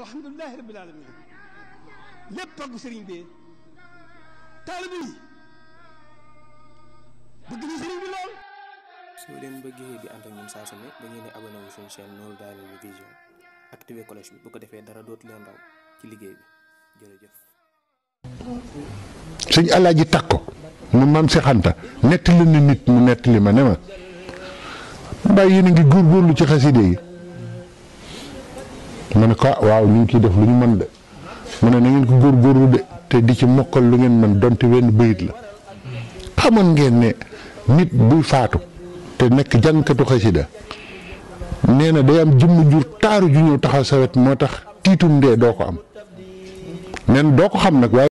alhamdulilahi rabbil alamin lépp bëgg na sëriñ bi lool. soo leen bëggee di da ngeen di abonné ko defee dara dootu leen raw ci liggéey jërëjëf. suñu alaaji takk ko mu maam si xanta nettali na nit mu nettali ma ne ma mbaa yéen a ngi góorgóorlu ci xaside yi ma ne ka ah, waaw ñu ngi ciy def lu ñu mën de mu ne na ko góor góorgóorlu de te di ci mokkal lu ngeen mën donte wenn bayit la xamoon ngeen ne nit buy faatu te nekk jànkatu xasida nee na day am jëmm jur taaru ju ñëw taxaw sawet moo tax tiitum dee doo ko am nen doo ko xam nag waaye